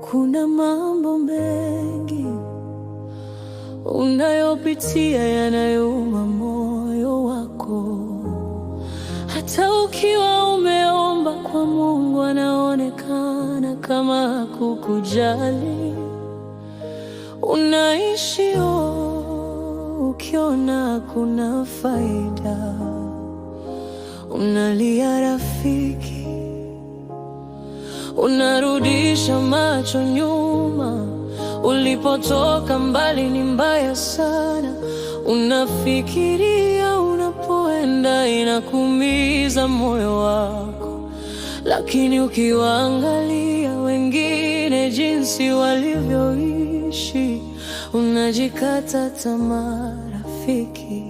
Kuna mambo mengi unayopitia yanayouma moyo wako, hata ukiwa umeomba kwa Mungu anaonekana kama hakukujali. Unaishi ukiona kuna faida, unalia rafiki, unarudisha macho nyuma. Ulipotoka mbali ni mbaya sana, unafikiria unapoenda inakumiza moyo wako, lakini ukiwaangalia wengine jinsi walivyoishi unajikata tamaa, rafiki.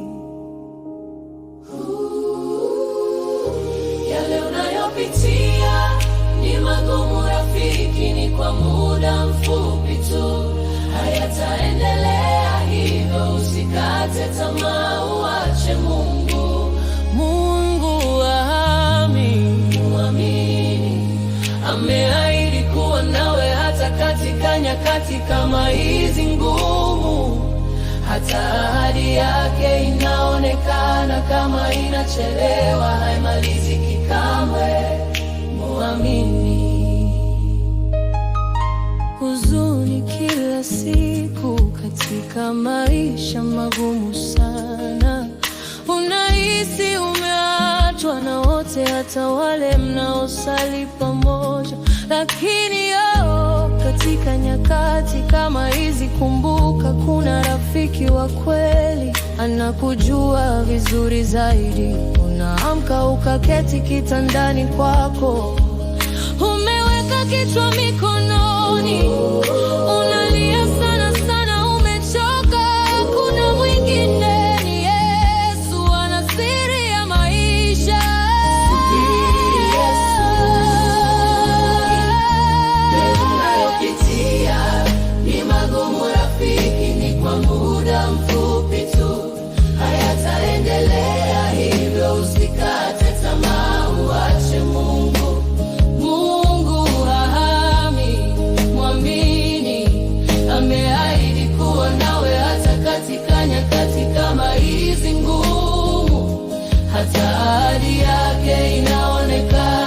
Yale unayopitia ni magumu, rafiki, ni kwa muda mfupi tu, hayataendelea hivyo. Usikate tamaa, uache Mungu. Mungu waamini, muamini, ame nyakati kama hizi ngumu, hata ahadi yake inaonekana kama inachelewa, haimaliziki kamwe. Muamini huzuni kila siku katika maisha magumu sana, unahisi umeachwa na wote, hata wale mnaosali pamoja, lakini nyakati kama hizi, kumbuka kuna rafiki wa kweli anakujua vizuri zaidi. Unaamka ukaketi kitandani kwako, umeweka kichwa mikononi, una nyakati kama ngumu, hata ahadi yake inaonekana